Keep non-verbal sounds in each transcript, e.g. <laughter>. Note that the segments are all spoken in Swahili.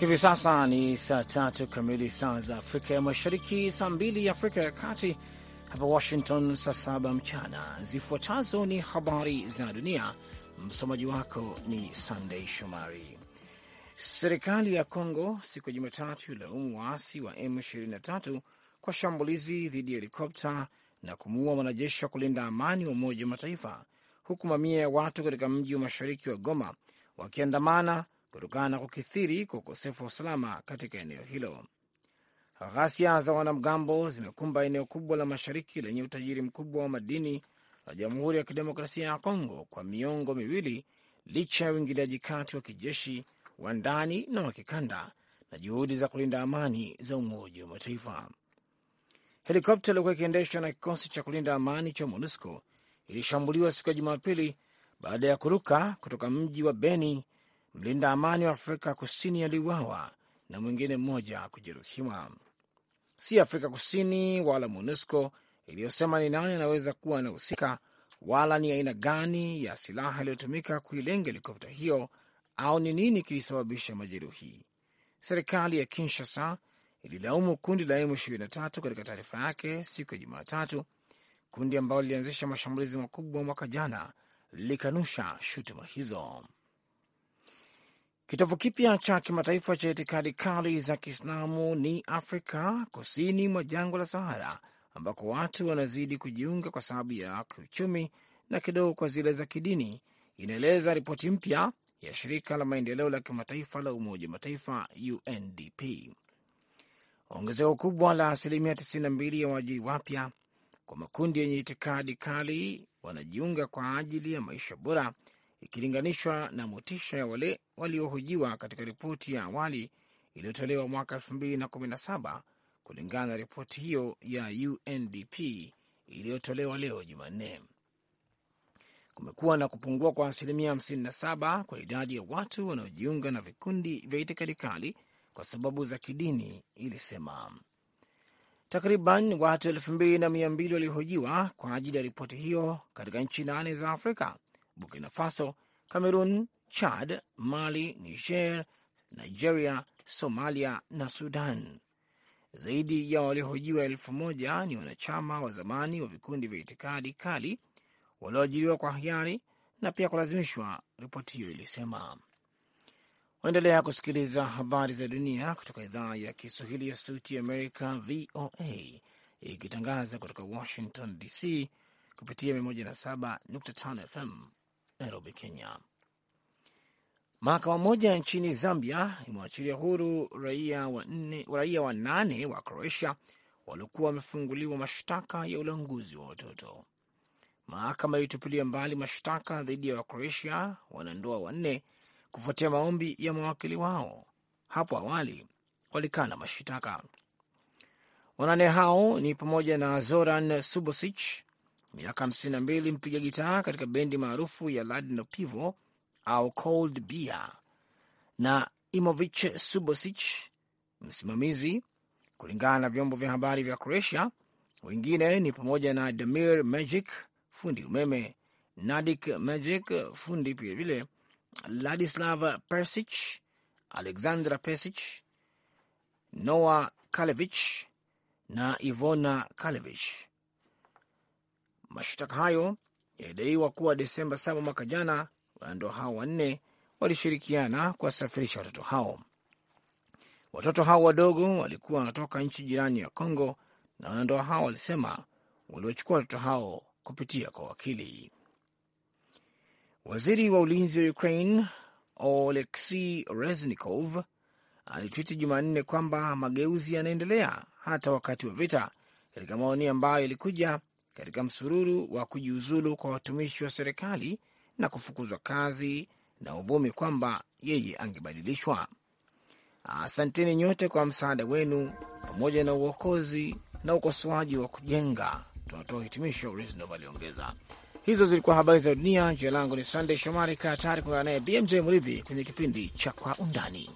Hivi sasa ni saa tatu kamili saa za Afrika ya Mashariki, saa mbili ya Afrika ya Kati, hapa Washington saa saba mchana. Zifuatazo ni habari za dunia, msomaji wako ni Sandei Shomari. Serikali ya Kongo siku ya Jumatatu ilaumu waasi wa M23 kwa shambulizi dhidi ya helikopta na kumuua mwanajeshi wa kulinda amani wa Umoja wa Mataifa, huku mamia ya watu katika mji wa mashariki wa Goma wakiandamana kutokana na kukithiri kwa ukosefu wa usalama katika eneo hilo. Ghasia za wanamgambo zimekumba eneo kubwa la mashariki lenye utajiri mkubwa wa madini la Jamhuri ya Kidemokrasia ya Kongo kwa miongo miwili, licha ya uingiliaji kati wa kijeshi wa ndani na wa kikanda na juhudi za kulinda amani za Umoja wa Mataifa. Helikopta iliokuwa ikiendeshwa na kikosi cha kulinda amani cha MONUSCO ilishambuliwa siku ya Jumapili baada ya kuruka kutoka mji wa Beni mlinda amani wa Afrika Kusini aliuawa na mwingine mmoja kujeruhiwa. Si Afrika Kusini wala MONUSCO iliyosema ni nani anaweza kuwa anahusika wala ni aina gani ya silaha iliyotumika kuilenga helikopta hiyo au ni nini kilisababisha majeruhi. Serikali ya Kinshasa ililaumu kundi la M23 katika taarifa yake siku ya Jumatatu. Kundi ambalo lilianzisha mashambulizi makubwa mwaka jana lilikanusha shutuma hizo. Kitovu kipya cha kimataifa cha itikadi kali za Kiislamu ni Afrika kusini mwa jangwa la Sahara, ambako watu wanazidi kujiunga kwa sababu ya kiuchumi na kidogo kwa zile za kidini, inaeleza ripoti mpya ya shirika la maendeleo la kimataifa la Umoja Mataifa, UNDP. Ongezeko kubwa la asilimia 92 ya waajiri wapya kwa makundi yenye itikadi kali wanajiunga kwa ajili ya maisha bora ikilinganishwa na motisha ya wale waliohojiwa katika ripoti ya awali iliyotolewa mwaka 2017 kulingana na ripoti hiyo ya UNDP iliyotolewa leo Jumanne. Kumekuwa na kupungua kwa asilimia 57 kwa idadi ya watu wanaojiunga na vikundi vya itikadi kali kwa sababu za kidini, ilisema. Takriban watu 22 waliohojiwa kwa ajili ya ripoti hiyo katika nchi nane za Afrika Burkina Faso, Cameroon, Chad, Mali, Niger, Nigeria, Somalia na Sudan. Zaidi ya waliohojiwa elfu moja ni wanachama wa zamani wa vikundi vya itikadi kali walioajiriwa kwa hiari na pia kulazimishwa, ripoti hiyo ilisema. Waendelea kusikiliza habari za dunia kutoka idhaa ya Kiswahili ya Sauti ya Amerika, VOA, ikitangaza kutoka Washington DC kupitia 107.5 FM Nairobi, Kenya. Mahakama moja nchini Zambia imewachilia huru raia wanane wa, nane wa Croatia waliokuwa wamefunguliwa mashtaka ya ulanguzi wa watoto. Mahakama ilitupilia mbali mashtaka dhidi ya Wacroatia wanandoa wanne kufuatia maombi ya mawakili wao. Hapo awali walikana mashtaka. Wanane hao ni pamoja na Zoran Subosich, miaka 52 mpiga gitaa katika bendi maarufu ya Ladino Pivo au Cold Beer na Imovich Subosich msimamizi, kulingana na vyombo vya habari vya Croatia. Wengine ni pamoja na Damir Magic fundi umeme, Nadik Magic fundi vilevile, Ladislav Persich, Alexandra Persich, Noa Kalevich na Ivona Kalevich. Mashtaka hayo yalidaiwa kuwa Desemba 7 mwaka jana, wanandoa hao wanne walishirikiana kuwasafirisha watoto hao. Watoto hao wadogo walikuwa wanatoka nchi jirani ya congo na wanandoa hao walisema waliwachukua watoto hao kupitia kwa wakili. Waziri wa ulinzi wa Ukraine Oleksiy Reznikov alitwiti Jumanne kwamba mageuzi yanaendelea hata wakati wa vita, katika maoni ambayo yalikuja katika msururu wa kujiuzulu kwa watumishi wa serikali na kufukuzwa kazi na uvumi kwamba yeye angebadilishwa. Asanteni nyote kwa msaada wenu pamoja na uokozi na ukosoaji wa kujenga, tunatoa hitimisho. Reznov aliongeza. Hizo zilikuwa habari za dunia. Jina langu ni Sandey Shomari. Kaa tayari kuungana naye BMJ mridhi kwenye kipindi cha Kwa Undani.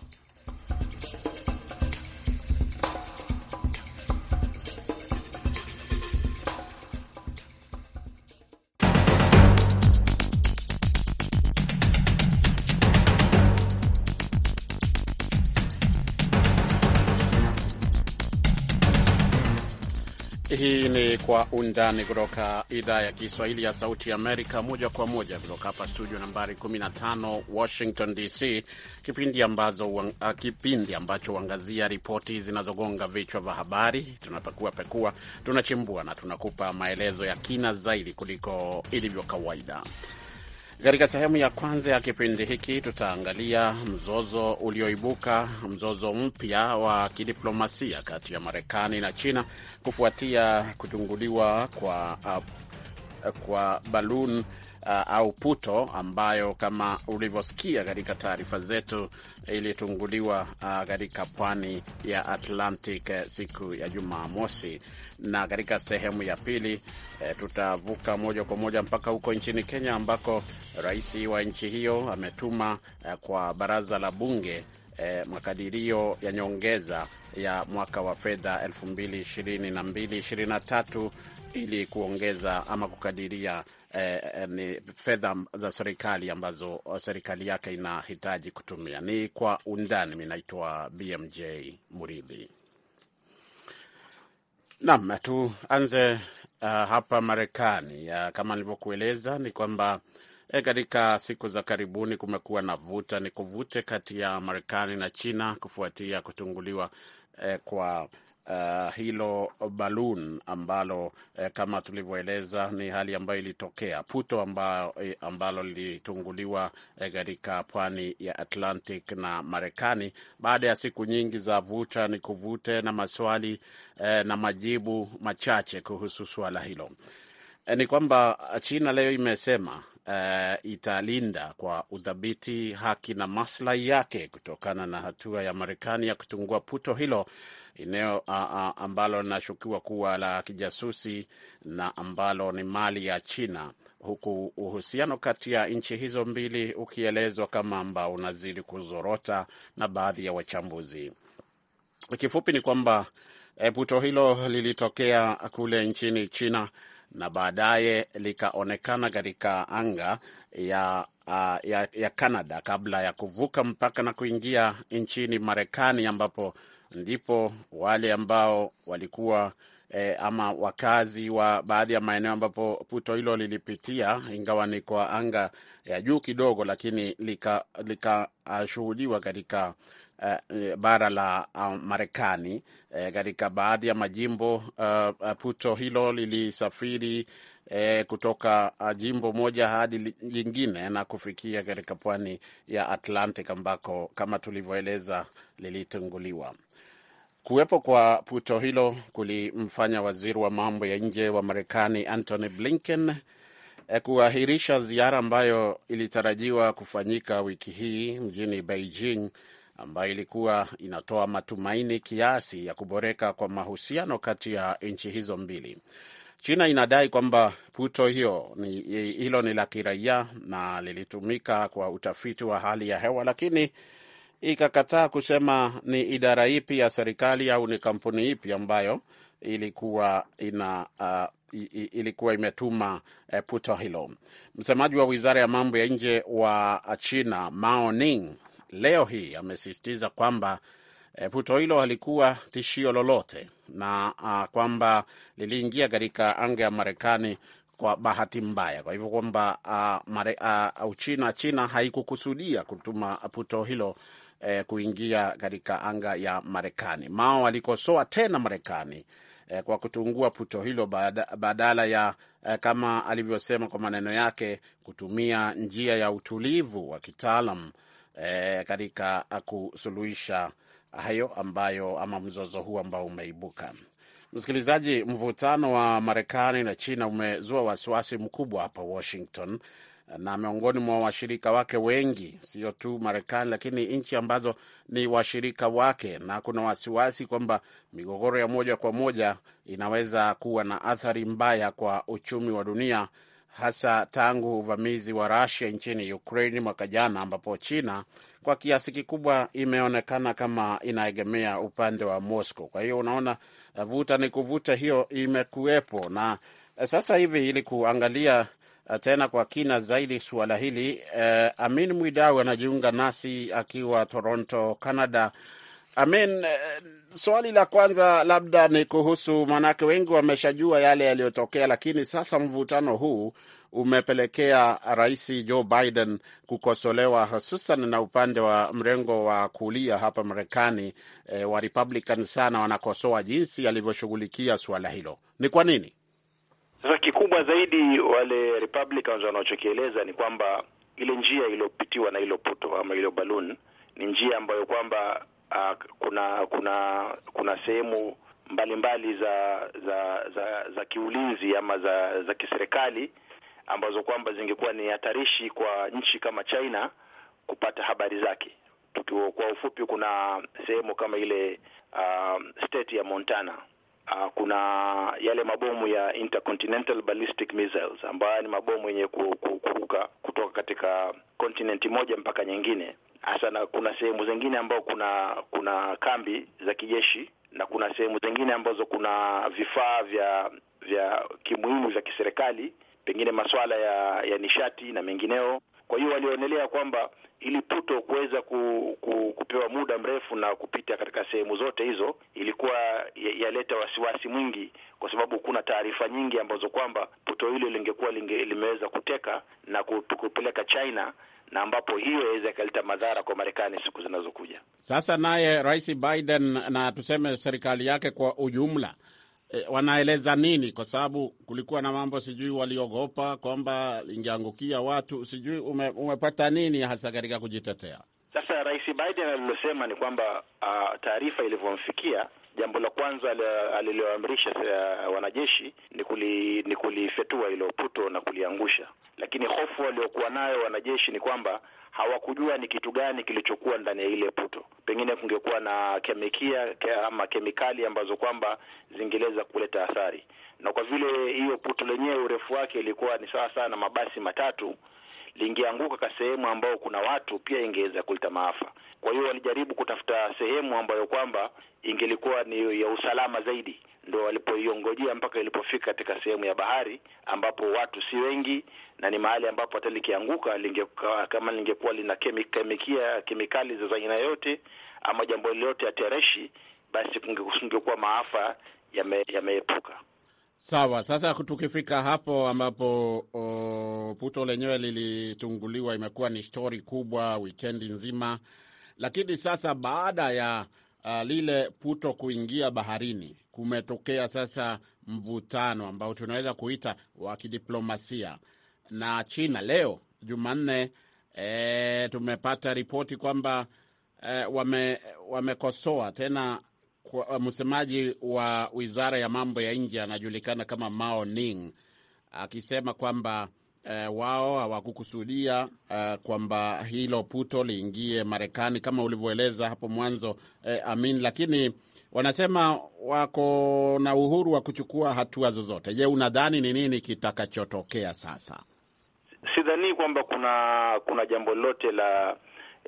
Undani kutoka idhaa ya Kiswahili ya Sauti ya Amerika, moja kwa moja kutoka hapa studio nambari 15 Washington DC, kipindi ambazo uh, kipindi ambacho huangazia ripoti zinazogonga vichwa vya habari. Tunapekua pekua, tunachimbua na tunakupa maelezo ya kina zaidi kuliko ilivyo kawaida. Katika sehemu ya kwanza ya kipindi hiki tutaangalia mzozo ulioibuka, mzozo mpya wa kidiplomasia kati ya Marekani na China kufuatia kutunguliwa kwa, uh, kwa balun uh, au puto ambayo kama ulivyosikia katika taarifa zetu ilitunguliwa uh, katika pwani ya Atlantic uh, siku ya Jumamosi na katika sehemu ya pili e, tutavuka moja kwa moja mpaka huko nchini Kenya ambako rais wa nchi hiyo ametuma e, kwa baraza la bunge e, makadirio ya nyongeza ya mwaka wa fedha 2022 ili kuongeza ama kukadiria e, e, ni fedha za serikali ambazo serikali yake inahitaji kutumia. Ni kwa undani. Mimi naitwa BMJ Muridhi. Naam, tuanze uh, hapa Marekani. Uh, kama nilivyokueleza ni kwamba E, katika siku za karibuni kumekuwa na vuta ni kuvute kati ya Marekani na China kufuatia kutunguliwa eh, kwa uh, hilo balun ambalo uh, kama tulivyoeleza ni hali ambayo ilitokea puto ambalo, eh, ambalo lilitunguliwa katika eh, pwani ya Atlantic na Marekani baada ya siku nyingi za vuta ni kuvute na maswali eh, na majibu machache kuhusu suala hilo. Eh, ni kwamba China leo imesema Uh, italinda kwa udhabiti haki na maslahi yake kutokana na hatua ya Marekani ya kutungua puto hilo eneo ambalo linashukiwa kuwa la kijasusi na ambalo ni mali ya China, huku uhusiano kati ya nchi hizo mbili ukielezwa kama ambao unazidi kuzorota na baadhi ya wachambuzi. Kifupi ni kwamba e, puto hilo lilitokea kule nchini China na baadaye likaonekana katika anga ya, ya, ya Canada kabla ya kuvuka mpaka na kuingia nchini Marekani ambapo ndipo wale ambao walikuwa E, ama wakazi wa baadhi ya maeneo ambapo puto hilo lilipitia, ingawa ni kwa anga ya juu kidogo, lakini likashuhudiwa lika, katika uh, bara la uh, Marekani e, katika baadhi ya majimbo uh, puto hilo lilisafiri uh, kutoka jimbo moja hadi lingine na kufikia katika pwani ya Atlantic ambako kama tulivyoeleza lilitunguliwa. Kuwepo kwa puto hilo kulimfanya waziri wa mambo ya nje wa Marekani Antony Blinken eh, kuahirisha ziara ambayo ilitarajiwa kufanyika wiki hii mjini Beijing, ambayo ilikuwa inatoa matumaini kiasi ya kuboreka kwa mahusiano kati ya nchi hizo mbili. China inadai kwamba puto hiyo ni, hilo ni la kiraia na lilitumika kwa utafiti wa hali ya hewa, lakini ikakataa kusema ni idara ipi ya serikali au ni kampuni ipi ambayo ilikuwa ina uh, ilikuwa imetuma uh, puto hilo. Msemaji wa wizara ya mambo ya nje wa China Mao Ning leo hii amesisitiza kwamba uh, puto hilo halikuwa tishio lolote na uh, kwamba liliingia katika anga ya Marekani kwa bahati mbaya. Kwa hivyo kwamba uh, uh, China, China haikukusudia kutuma puto hilo eh, kuingia katika anga ya Marekani. Mao alikosoa tena Marekani eh, kwa kutungua puto hilo badala ya eh, kama alivyosema kwa maneno yake kutumia njia ya utulivu wa kitaalam eh, katika kusuluhisha hayo ambayo ama mzozo huu ambao umeibuka. Msikilizaji, mvutano wa Marekani na China umezua wasiwasi mkubwa hapa Washington na miongoni mwa washirika wake wengi, sio tu Marekani, lakini nchi ambazo ni washirika wake, na kuna wasiwasi kwamba migogoro ya moja kwa moja inaweza kuwa na athari mbaya kwa uchumi wa dunia, hasa tangu uvamizi wa Rusia nchini Ukraini mwaka jana, ambapo China kwa kiasi kikubwa imeonekana kama inaegemea upande wa Moscow. Kwa hiyo unaona, vuta ni kuvuta hiyo imekuwepo na sasa hivi ili kuangalia Eh, tena kwa kina zaidi suala hili Uh, Amin Mwidau anajiunga nasi akiwa Toronto, Canada. Amin, uh, swali la kwanza labda ni kuhusu, maanake wengi wameshajua yale yaliyotokea, lakini sasa mvutano huu umepelekea Rais Joe Biden kukosolewa hususan na upande wa mrengo wa kulia hapa Marekani. E, wa Republican sana wanakosoa jinsi alivyoshughulikia suala hilo. Ni kwa nini? Sasa kikubwa zaidi wale Republicans wanachokieleza ni kwamba ile njia iliyopitiwa na ilo puto ama ilo balloon ni njia ambayo kwamba uh, kuna kuna kuna sehemu mbalimbali za za za za kiulinzi ama za za kiserikali ambazo kwamba zingekuwa ni hatarishi kwa nchi kama China kupata habari zake. Tukiwa kwa ufupi, kuna sehemu kama ile uh, state ya Montana uh, kuna yale mabomu ya intercontinental ballistic missiles ambayo ni mabomu yenye kuruka kutoka katika kontinenti moja mpaka nyingine hasa, na kuna sehemu zingine ambao kuna kuna kambi za kijeshi na kuna sehemu zingine ambazo kuna vifaa vya vya kimuhimu vya kiserikali, pengine masuala ya, ya nishati na mengineo kwa hiyo walionelea kwamba ili puto kuweza ku, ku, kupewa muda mrefu na kupita katika sehemu zote hizo ilikuwa yaleta wasiwasi mwingi, kwa sababu kuna taarifa nyingi ambazo kwamba puto hilo lingekuwa linge, limeweza kuteka na kupeleka China na ambapo hiyo yaweza ikaleta madhara kwa Marekani siku zinazokuja. Sasa naye Rais Biden na tuseme serikali yake kwa ujumla Eh, wanaeleza nini? Kwa sababu kulikuwa na mambo sijui waliogopa kwamba ingeangukia watu sijui. Ume, umepata nini hasa katika kujitetea? Sasa Rais Biden alilosema ni kwamba uh, taarifa ilivyomfikia Jambo la kwanza aliloamrisha eh, wanajeshi ni kuli, ni kulifyatua ilo puto na kuliangusha, lakini hofu waliokuwa nayo wanajeshi ni kwamba hawakujua ni kitu gani kilichokuwa ndani ya ile puto. Pengine kungekuwa na kemikia ama kemikali ambazo kwamba zingeleza kuleta athari, na kwa vile hiyo puto lenyewe urefu wake ilikuwa ni sawa sana na mabasi matatu lingeanguka kwa sehemu ambao kuna watu pia ingeweza kuleta maafa. Kwa hiyo walijaribu kutafuta sehemu ambayo kwamba ingelikuwa ni ya usalama zaidi, ndo walipoiongojea mpaka ilipofika katika sehemu ya bahari ambapo watu si wengi, na ni mahali ambapo hata likianguka lingekuwa kama lingekuwa lina kemikia kemikali za aina yote ama jambo lolote ya tereshi, basi kungekuwa maafa yameepuka. Sawa. Sasa tukifika hapo ambapo o, puto lenyewe lilitunguliwa, imekuwa ni stori kubwa wikendi nzima, lakini sasa baada ya uh, lile puto kuingia baharini, kumetokea sasa mvutano ambao tunaweza kuita wa kidiplomasia na China. Leo Jumanne e, tumepata ripoti kwamba e, wame, wamekosoa tena kwa uh, msemaji wa wizara ya mambo ya nje anajulikana kama Mao Ning akisema kwamba e, wao hawakukusudia e, kwamba hilo puto liingie Marekani kama ulivyoeleza hapo mwanzo e, Amin, lakini wanasema wako na uhuru wa kuchukua hatua zozote. Je, unadhani ni nini kitakachotokea sasa? Sidhani kwamba kuna kuna jambo lolote la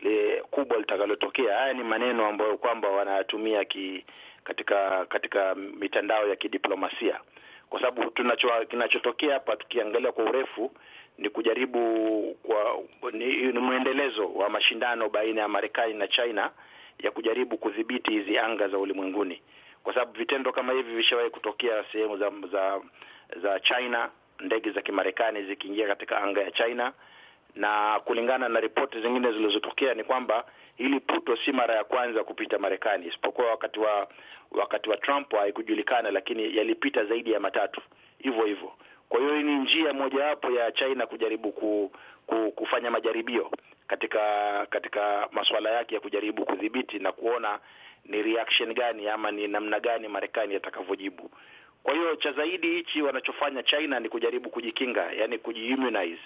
le kubwa litakalotokea. Haya ni maneno ambayo kwamba wanayatumia ki, katika katika mitandao ya kidiplomasia, kwa sababu tunacho kinachotokea hapa tukiangalia kwa urefu ni kujaribu kwa ni, ni mwendelezo wa mashindano baina ya Marekani na China ya kujaribu kudhibiti hizi anga za ulimwenguni, kwa sababu vitendo kama hivi vishawahi kutokea sehemu za za za China, ndege za Kimarekani zikiingia katika anga ya China na kulingana na ripoti zingine zilizotokea ni kwamba hili puto si mara ya kwanza kupita Marekani, isipokuwa wakati wa wakati wa Trump haikujulikana, lakini yalipita zaidi ya matatu hivyo hivyo. Kwa hiyo hii ni njia mojawapo ya China kujaribu ku, ku, kufanya majaribio katika katika masuala yake ya kujaribu kudhibiti na kuona ni reaction gani ama ni namna gani Marekani yatakavyojibu. Kwa hiyo cha zaidi hichi wanachofanya China ni kujaribu kujikinga, yani kujiimmunize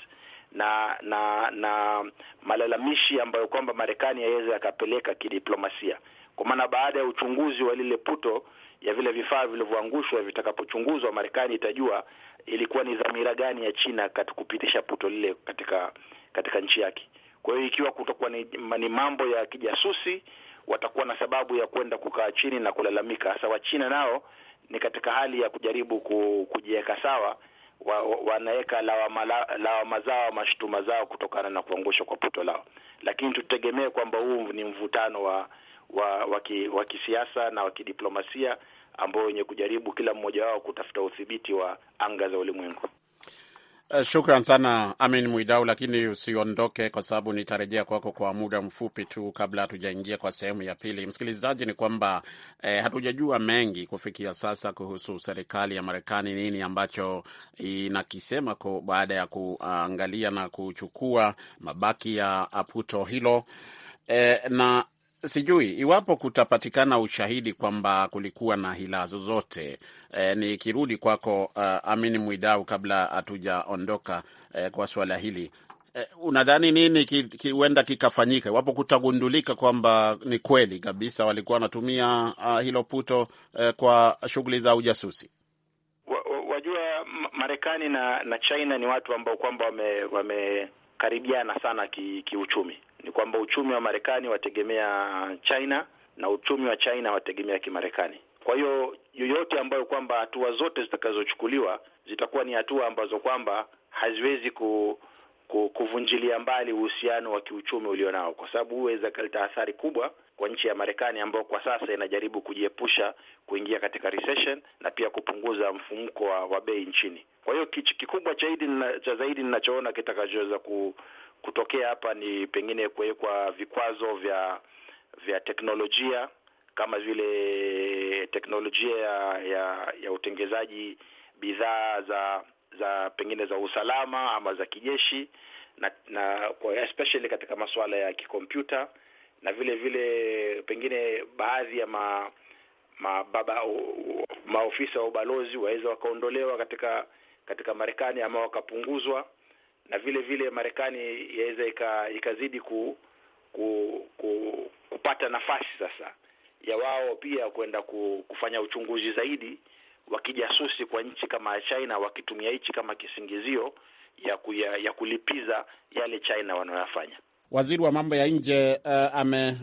na na na malalamishi ambayo kwamba Marekani yaweza yakapeleka kidiplomasia, kwa maana baada ya uchunguzi wa lile puto ya vile vifaa vilivyoangushwa vitakapochunguzwa, Marekani itajua ilikuwa ni dhamira gani ya China katika kupitisha puto lile katika katika nchi yake. Kwa hiyo ikiwa kutakuwa ni, ni mambo ya kijasusi, watakuwa na sababu ya kwenda kukaa chini na kulalamika. Hasa Wachina nao ni katika hali ya kujaribu kujiweka sawa wa, wanaweka lawama zao mashtuma zao kutokana na kuangushwa kwa puto lao, lakini tutegemee kwamba huu ni mvutano wa wa, wa, ki, wa kisiasa na wa kidiplomasia ambao wenye kujaribu kila mmoja wao kutafuta udhibiti wa anga za ulimwengu. Eh, shukran sana Amin Mwidau, lakini usiondoke kwa sababu nitarejea kwako kwa muda mfupi tu kabla hatujaingia kwa sehemu ya pili. Msikilizaji, ni kwamba eh, hatujajua mengi kufikia sasa kuhusu serikali ya Marekani, nini ambacho inakisema baada ya kuangalia na kuchukua mabaki ya puto hilo eh, na sijui iwapo kutapatikana ushahidi kwamba kulikuwa na hila zozote. E, nikirudi kwako uh, e, Amini Mwidau, kabla hatujaondoka eh, kwa suala hili e, unadhani nini huenda ki, ki, kikafanyika iwapo kutagundulika kwamba ni kweli kabisa walikuwa wanatumia uh, hilo puto uh, kwa shughuli za ujasusi? Wajua Marekani na, na China ni watu ambao kwamba wame, wame karibiana sana kiuchumi ki ni kwamba uchumi wa Marekani wategemea China na uchumi wa China wategemea kimarekani. Kwa hiyo yoyote ambayo kwamba hatua zote zitakazochukuliwa zitakuwa ni hatua ambazo kwamba haziwezi ku, ku, kuvunjilia mbali uhusiano wa kiuchumi ulionao, kwa sababu huweza kaleta athari kubwa kwa nchi ya Marekani ambayo kwa sasa inajaribu kujiepusha kuingia katika recession na pia kupunguza mfumko wa, wa bei nchini. Kwa hiyo kikubwa cha zaidi ninachoona kitakachoweza kutokea hapa ni pengine kuwekwa vikwazo vya vya teknolojia kama vile teknolojia ya ya, ya utengezaji bidhaa za za pengine za usalama ama za kijeshi na, na especially katika masuala ya kikompyuta na vile vile pengine baadhi ya ma, mababa maofisa wa ubalozi waweza wakaondolewa katika katika Marekani ama wakapunguzwa, na vile vile Marekani yaweza ikazidi ku, ku, ku, kupata nafasi sasa ya wao pia kwenda kufanya uchunguzi zaidi wa kijasusi kwa nchi kama China, wakitumia hichi kama kisingizio ya, kuya, ya kulipiza yale China wanayofanya waziri wa mambo ya nje uh, ame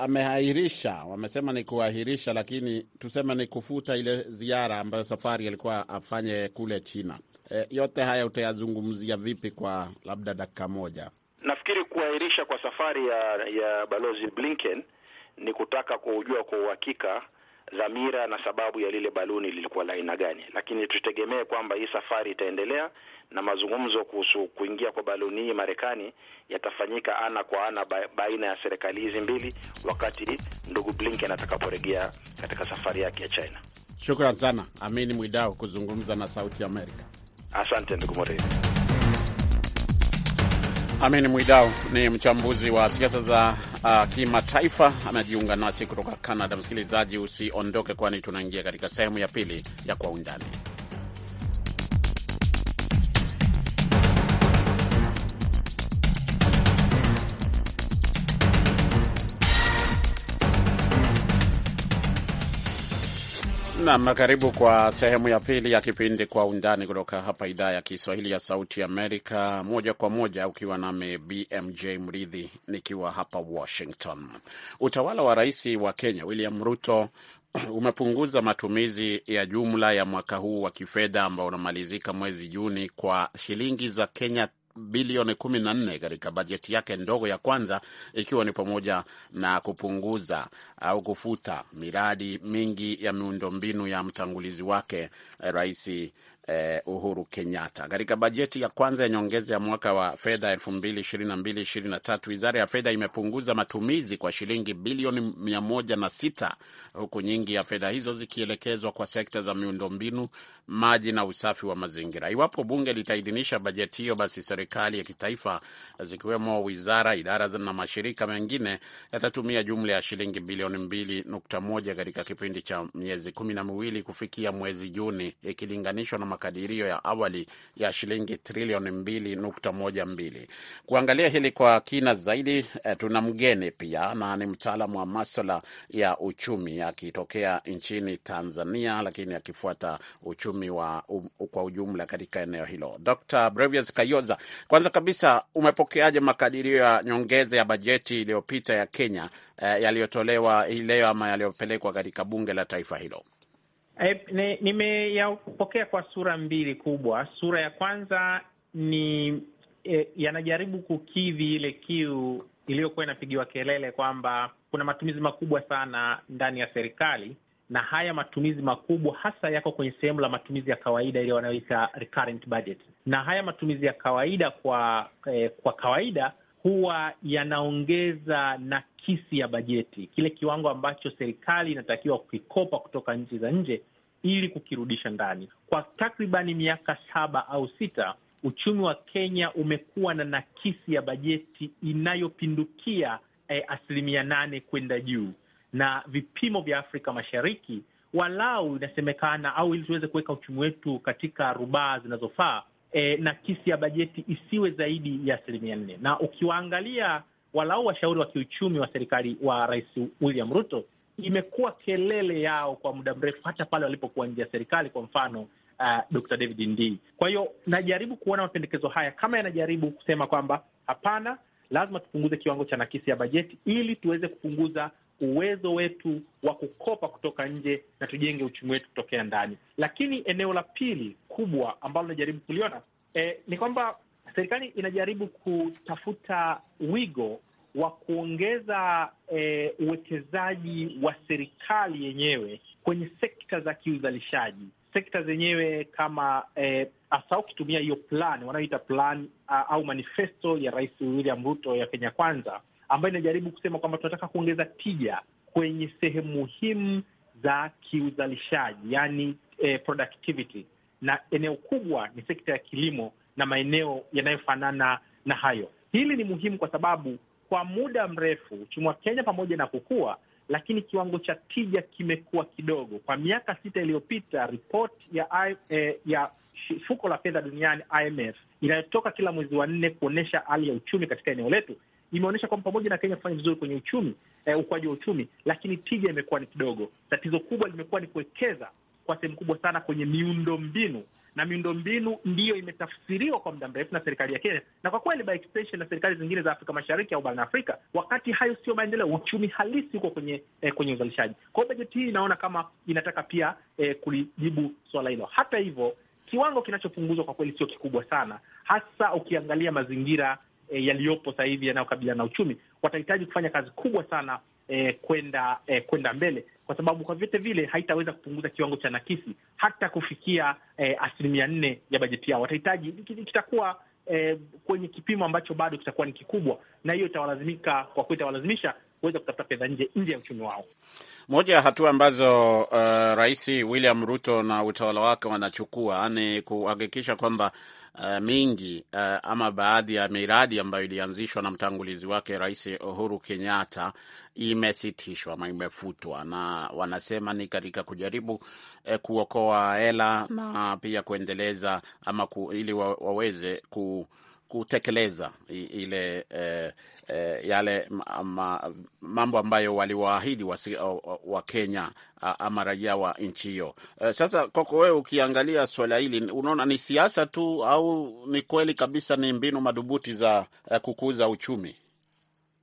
ameahirisha, wamesema ni kuahirisha, lakini tuseme ni kufuta ile ziara ambayo safari alikuwa afanye kule China. E, yote haya utayazungumzia vipi kwa labda dakika moja? Nafikiri kuahirisha kwa safari ya, ya balozi Blinken ni kutaka kujua kwa uhakika dhamira na sababu ya lile baluni lilikuwa la aina gani, lakini tutegemee kwamba hii safari itaendelea na mazungumzo kuhusu kuingia kwa baloni hii Marekani yatafanyika ana kwa ana baina ya serikali hizi mbili wakati ndugu Blinken atakaporejea katika safari yake ya China. Shukran sana Amini Mwidau kuzungumza na Sauti Amerika. Asante ndugu Morei. Amini Mwidau ni mchambuzi wa siasa za uh, kimataifa anajiunga nasi kutoka Canada. Msikilizaji, usiondoke, kwani tunaingia katika sehemu ya pili ya Kwa Undani. Nam, karibu kwa sehemu ya pili ya kipindi Kwa Undani kutoka hapa idhaa ya Kiswahili ya Sauti Amerika, moja kwa moja ukiwa nami BMJ Mridhi nikiwa hapa Washington. Utawala wa rais wa Kenya William Ruto <clears throat> umepunguza matumizi ya jumla ya mwaka huu wa kifedha ambao unamalizika mwezi Juni kwa shilingi za Kenya bilioni kumi na nne katika bajeti yake ndogo ya kwanza, ikiwa ni pamoja na kupunguza au kufuta miradi mingi ya miundombinu ya mtangulizi wake eh, Rais eh, Uhuru Kenyatta. Katika bajeti ya kwanza ya nyongeza ya mwaka wa fedha 2022/2023 wizara ya fedha imepunguza matumizi kwa shilingi bilioni 106 huku nyingi ya fedha hizo zikielekezwa kwa sekta za miundombinu, maji na usafi wa mazingira. Iwapo bunge litaidhinisha bajeti hiyo, basi serikali ya kitaifa zikiwemo wizara, idara na mashirika mengine yatatumia jumla ya shilingi bilioni 2.1 katika kipindi cha miezi kumi na miwili kufikia mwezi Juni ikilinganishwa na makadirio ya awali ya shilingi trilioni mbili nukta moja mbili. Kuangalia hili kwa kina zaidi, eh, tuna mgeni pia na ni mtaalamu wa maswala ya uchumi akitokea nchini Tanzania, lakini akifuata uchumi wa um, kwa ujumla katika eneo hilo. Dr. Brevius Kayoza, kwanza kabisa umepokeaje makadirio ya nyongeza ya bajeti iliyopita ya Kenya eh, yaliyotolewa hii leo ama yaliyopelekwa katika bunge la taifa hilo? E, nimeyapokea kwa sura mbili kubwa. Sura ya kwanza ni e, yanajaribu kukidhi ile kiu iliyokuwa inapigiwa kelele kwamba kuna matumizi makubwa sana ndani ya serikali, na haya matumizi makubwa hasa yako kwenye sehemu la matumizi ya kawaida ile wanayoita recurrent budget, na haya matumizi ya kawaida kwa eh, kwa kawaida huwa yanaongeza nakisi ya bajeti, kile kiwango ambacho serikali inatakiwa kukikopa kutoka nchi za nje ili kukirudisha ndani. Kwa takribani miaka saba au sita, uchumi wa Kenya umekuwa na nakisi ya bajeti inayopindukia eh, asilimia nane kwenda juu, na vipimo vya Afrika Mashariki walau inasemekana, au ili tuweze kuweka uchumi wetu katika rubaa zinazofaa e, eh, nakisi ya bajeti isiwe zaidi ya asilimia nne. Na ukiwaangalia walau washauri wa kiuchumi wa serikali wa Rais William Ruto, imekuwa kelele yao kwa muda mrefu, hata pale walipokuwa nje ya serikali, kwa mfano uh, eh, Dr. David Ndii. Kwa hiyo najaribu kuona mapendekezo haya kama yanajaribu kusema kwamba hapana, lazima tupunguze kiwango cha nakisi ya bajeti ili tuweze kupunguza uwezo wetu wa kukopa kutoka nje na tujenge uchumi wetu kutokea ndani. Lakini eneo la pili kubwa ambalo najaribu kuliona e, ni kwamba serikali inajaribu kutafuta wigo wa kuongeza e, uwekezaji wa serikali yenyewe kwenye sekta za kiuzalishaji, sekta zenyewe kama e, ukitumia hiyo plan wanayoita plan au manifesto ya Rais William Ruto ya Kenya Kwanza ambayo inajaribu kusema kwamba tunataka kuongeza tija kwenye sehemu muhimu za kiuzalishaji, yani eh, productivity, na eneo kubwa ni sekta ya kilimo na maeneo yanayofanana na hayo. Hili ni muhimu kwa sababu kwa muda mrefu uchumi wa Kenya pamoja na kukua, lakini kiwango cha tija kimekuwa kidogo. Kwa miaka sita iliyopita, ripoti ya, eh, ya fuko la fedha duniani IMF inayotoka kila mwezi wa nne kuonyesha hali ya uchumi katika eneo letu imeonyesha kwamba pamoja na Kenya kufanya vizuri kwenye uchumi eh, ukuaji wa uchumi, lakini tija imekuwa ni kidogo. Tatizo kubwa limekuwa ni kuwekeza kwa sehemu kubwa sana kwenye miundo mbinu na miundo mbinu ndiyo imetafsiriwa kwa muda mrefu na serikali ya Kenya na kwa kweli by extension na serikali zingine za Afrika Mashariki au barani Afrika, wakati hayo sio maendeleo. Uchumi halisi huko kwenye eh, kwenye uzalishaji. Kwa hiyo bajeti hii inaona kama inataka pia eh, kulijibu swala hilo. Hata hivyo, kiwango kinachopunguzwa kwa kweli sio kikubwa sana, hasa ukiangalia mazingira e, yaliyopo sasa hivi yanayokabiliana na uchumi, watahitaji kufanya kazi kubwa sana e, kwenda e, kwenda mbele, kwa sababu kwa vyote vile haitaweza kupunguza kiwango cha nakisi hata kufikia e, asilimia nne ya bajeti yao. Watahitaji kitakuwa e, kwenye kipimo ambacho bado kitakuwa ni kikubwa, na hiyo itawalazimika kwa kweli, itawalazimisha kuweza kutafuta fedha nje nje ya uchumi wao. Moja ya hatua ambazo uh, Rais William Ruto na utawala wake wanachukua ni kuhakikisha kwamba uh, mingi uh, ama baadhi ya miradi ambayo ilianzishwa na mtangulizi wake Rais Uhuru Kenyatta imesitishwa ama imefutwa, na wanasema ni katika kujaribu eh, kuokoa hela na pia kuendeleza ama ku, ili wa, waweze ku kutekeleza ile e, e, yale ma, mambo ambayo waliwaahidi wa kenya ama raia wa nchi hiyo. E, sasa kwako wewe, ukiangalia suala hili, unaona ni siasa tu au ni kweli kabisa ni mbinu madhubuti za e, kukuza uchumi?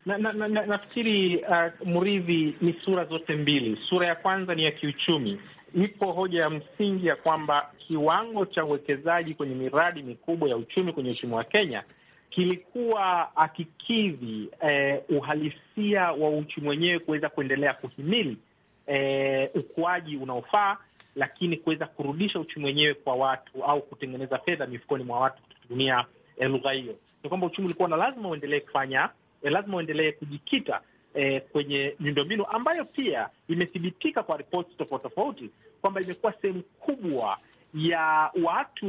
Nafikiri na, na, na, uh, Murithi, ni sura zote mbili. Sura ya kwanza ni ya kiuchumi ipo hoja ya msingi ya kwamba kiwango cha uwekezaji kwenye miradi mikubwa ya uchumi kwenye uchumi wa Kenya kilikuwa akikidhi eh, uhalisia wa uchumi wenyewe kuweza kuendelea kuhimili eh, ukuaji unaofaa, lakini kuweza kurudisha uchumi wenyewe kwa watu au kutengeneza fedha mifukoni mwa watu kutumia eh, lugha hiyo, ni kwamba uchumi ulikuwa na lazima uendelee kufanya, eh, lazima uendelee kujikita eh, kwenye miundombinu ambayo pia imethibitika kwa ripoti tofauti tofauti kwamba imekuwa sehemu kubwa ya watu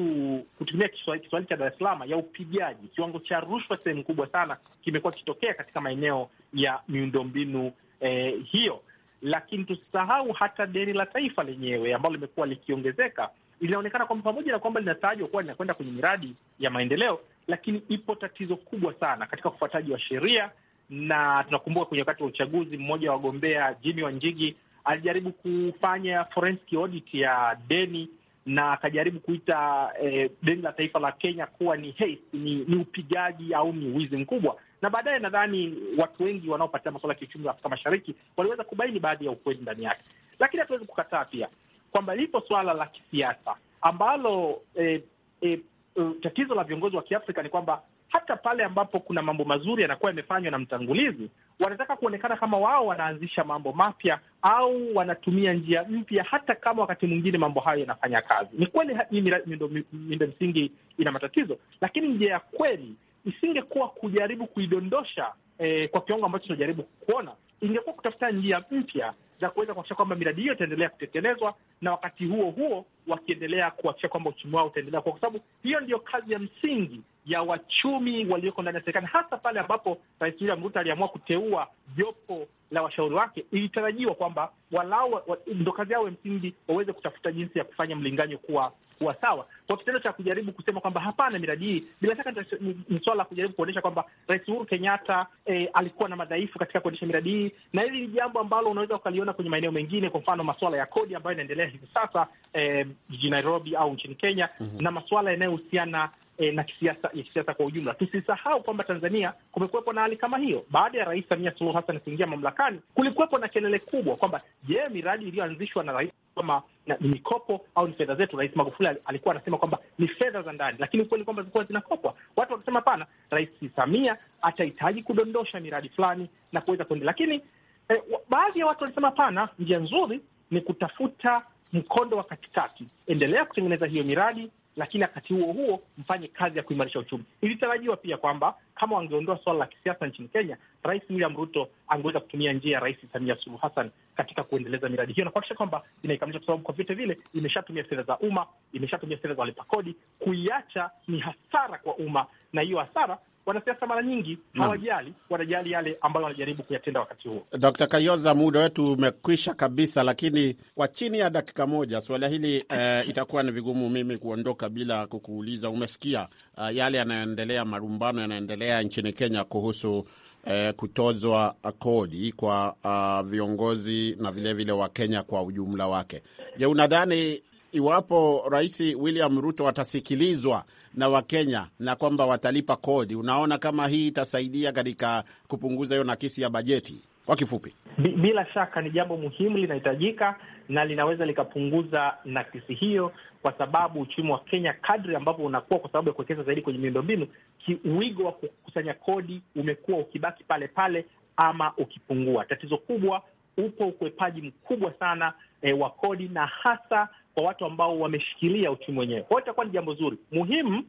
kutumia Kiswahili cha Dar es Salaam ya upigaji. Kiwango cha rushwa sehemu kubwa sana kimekuwa kitokea katika maeneo ya miundombinu eh, hiyo. Lakini tusisahau hata deni la taifa lenyewe ambalo limekuwa likiongezeka. Linaonekana kwamba pamoja na kwamba linatajwa kuwa linakwenda kwenye miradi ya maendeleo, lakini ipo tatizo kubwa sana katika ufuataji wa sheria na tunakumbuka kwenye wakati wa uchaguzi mmoja wa wagombea Jimmy Wanjigi alijaribu kufanya forensic audit ya deni na akajaribu kuita eh, deni la taifa la Kenya kuwa ni heist, ni, ni upigaji au ni wizi mkubwa. Na baadaye nadhani watu wengi wanaopatia masuala ya kiuchumi wa Afrika Mashariki waliweza kubaini baadhi ya ukweli ndani yake, lakini hatuwezi kukataa pia kwamba lipo suala la kisiasa ambalo eh, eh, eh, tatizo la viongozi wa Kiafrika ni kwamba hata pale ambapo kuna mambo mazuri yanakuwa yamefanywa na mtangulizi, wanataka kuonekana kama wao wanaanzisha mambo mapya au wanatumia njia mpya, hata kama wakati mwingine mambo hayo yanafanya kazi. Ni kweli hii miundo msingi ina matatizo, lakini njia ya kweli isingekuwa kujaribu kuidondosha eh, kwa kiwango ambacho tunajaribu kuona, ingekuwa kutafuta njia mpya za kuweza kuakisha kwamba miradi hiyo itaendelea kutekelezwa na wakati huo huo wakiendelea kuakisha kwamba uchumi wao utaendelea, kwa sababu hiyo ndiyo kazi ya msingi ya wachumi walioko ndani ya serikali, hasa pale ambapo Rais William Ruto aliamua kuteua jopo la washauri wake, ilitarajiwa kwamba walau wa, ndo kazi yao ya msingi waweze kutafuta jinsi ya kufanya mlinganyo kuwa kuwa sawa. Kwa kitendo cha kujaribu kusema kwamba hapana, miradi hii bila shaka ni swala la kujaribu kuonyesha kwamba Rais Uhuru Kenyatta eh, alikuwa na madhaifu katika kuendesha miradi hii, na hili ni jambo ambalo unaweza ukaliona kwenye maeneo mengine, kwa mfano masuala ya kodi ambayo inaendelea hivi sasa eh, jijini eh, Nairobi au nchini Kenya mm -hmm. na masuala yanayohusiana e, na kisiasa ya eh, kisiasa kwa ujumla. Tusisahau kwamba Tanzania kumekuwepo na hali kama hiyo. Baada ya Rais Samia Suluhu Hassan kuingia mamlakani, kulikuwepo na kelele kubwa kwamba je, miradi iliyoanzishwa na rais kama ni mikopo au ni fedha zetu? Rais Magufuli alikuwa anasema kwamba ni fedha za ndani, lakini ukweli kwamba zilikuwa zinakopwa. Watu wakasema hapana, Rais Samia atahitaji kudondosha miradi fulani na kuweza kuendelea, lakini eh, baadhi ya watu walisema hapana, njia nzuri ni kutafuta mkondo wa katikati, endelea kutengeneza hiyo miradi lakini wakati huo huo mfanye kazi ya kuimarisha uchumi. Ilitarajiwa pia kwamba kama wangeondoa suala la kisiasa nchini Kenya, Rais William Ruto angeweza kutumia njia ya Rais Samia Suluhu Hassan katika kuendeleza miradi hiyo na kuhakikisha kwamba inaikamilisha, kwa sababu kwa vyote vile imeshatumia fedha za umma, imeshatumia fedha za walipa kodi. Kuiacha ni hasara kwa umma, na hiyo hasara wanasiasa mara nyingi hawajali, wanajali yale ambayo wanajaribu kuyatenda wakati huo. Dkt. Kayoza, muda wetu umekwisha kabisa, lakini kwa chini ya dakika moja suala hili eh, itakuwa ni vigumu mimi kuondoka bila kukuuliza. Umesikia uh, yale yanayoendelea, marumbano yanaendelea nchini Kenya kuhusu eh, kutozwa kodi kwa uh, viongozi na vilevile Wakenya kwa ujumla wake. Je, unadhani iwapo Rais William Ruto atasikilizwa na Wakenya na kwamba watalipa kodi, unaona kama hii itasaidia katika kupunguza hiyo nakisi ya bajeti? Kwa kifupi, bila shaka ni jambo muhimu, linahitajika na linaweza likapunguza nakisi hiyo, kwa sababu uchumi wa Kenya kadri ambavyo unakuwa kwa sababu ya kuwekeza zaidi kwenye miundombinu, uwigo wa kukusanya kodi umekuwa ukibaki pale pale ama ukipungua. Tatizo kubwa upo ukwepaji mkubwa sana e, wa kodi na hasa kwa watu ambao wameshikilia uchumi wenyewe. Kwa hiyo itakuwa ni jambo zuri muhimu.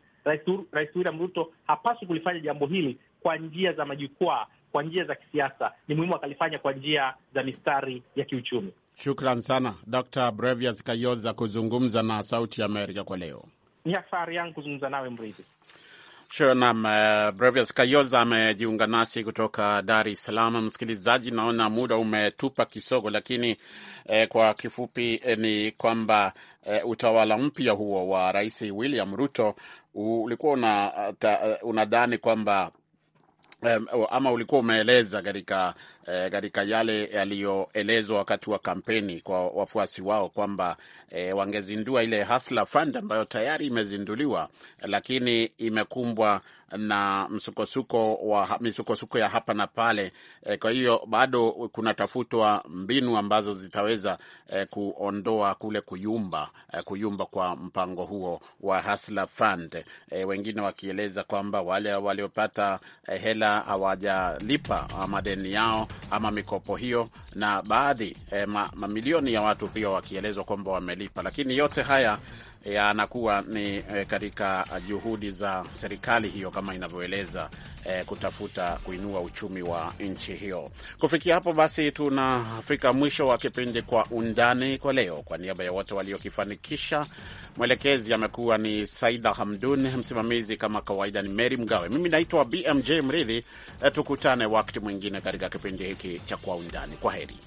Rais William Ruto hapaswi kulifanya jambo hili kwa njia za majukwaa, kwa njia za kisiasa. Ni muhimu akalifanya kwa njia za mistari ya kiuchumi. Shukran sana Dr. Brevias Kayoza kuzungumza na Sauti Amerika kwa leo. Ni hafari yangu kuzungumza nawe Mridhi. Shonam eh, Brevius Kayoza amejiunga nasi kutoka Dar es Salaam. Msikilizaji, naona muda umetupa kisogo, lakini eh, kwa kifupi eh, ni kwamba eh, utawala mpya huo wa Rais William Ruto ulikuwa una, eh, eh, unadhani kwamba eh, ama ulikuwa umeeleza katika Eh, katika e, yale yaliyoelezwa wakati wa kampeni kwa wafuasi wao kwamba e, wangezindua ile Hustler Fund ambayo tayari imezinduliwa, lakini imekumbwa na msukosuko wa misukosuko ya hapa na pale. E, kwa hiyo bado kunatafutwa mbinu ambazo zitaweza e, kuondoa kule kuyumba e, kuyumba kwa mpango huo wa Hustler Fund. E, wengine wakieleza kwamba wale waliopata hela hawajalipa madeni yao ama mikopo hiyo, na baadhi eh, mamilioni ya watu pia wakielezwa kwamba wamelipa, lakini yote haya yanakuwa e, ni e, katika juhudi za serikali hiyo kama inavyoeleza e, kutafuta kuinua uchumi wa nchi hiyo. Kufikia hapo basi, tunafika mwisho wa kipindi Kwa Undani kwa leo. Kwa niaba ya wote waliokifanikisha, mwelekezi amekuwa ni Saida Hamdun, msimamizi kama kawaida ni Meri Mgawe, mimi naitwa BMJ Mridhi. E, tukutane wakati mwingine katika kipindi hiki cha Kwa Undani. Kwa heri.